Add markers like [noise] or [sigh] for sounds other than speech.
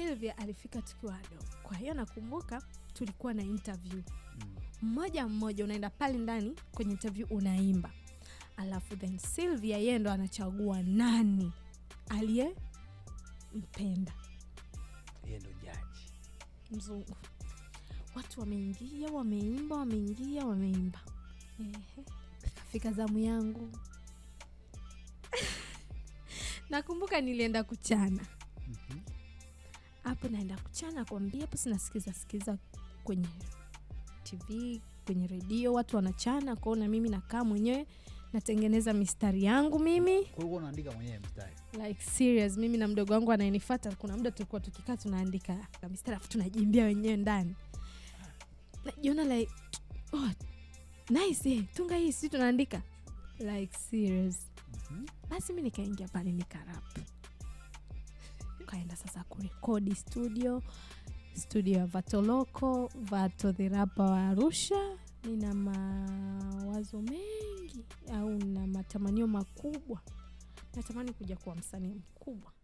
Sylvia alifika tukiwa wadogo, kwa hiyo nakumbuka tulikuwa na interview mm. mmoja mmoja, unaenda pale ndani kwenye interview unaimba, alafu then Sylvia yeye ndo anachagua nani aliyempenda, yeye ndo jaji mzungu. Watu wameingia wameimba, wameingia wameimba, afika zamu yangu [laughs] nakumbuka nilienda kuchana. mm -hmm hapo naenda kuchana kuambia hapo sinasikiza sikiza kwenye TV kwenye redio watu wanachana kwao, na mimi nakaa mwenyewe natengeneza mistari yangu mimi. Like serious, mimi na mdogo wangu anayenifuata, kuna muda tulikuwa tukikaa tunaandika mistari afu tunajimbia wenyewe ndani, najiona like oh, nice eh, tunga hii, si tunaandika like serious. mm -hmm. basi mi nikaingia pale nikarapu tukaenda sasa kurekodi studio studio ya Vatoloko Vato therapa wa Arusha. Nina mawazo mengi au na matamanio makubwa, natamani kuja kuwa msanii mkubwa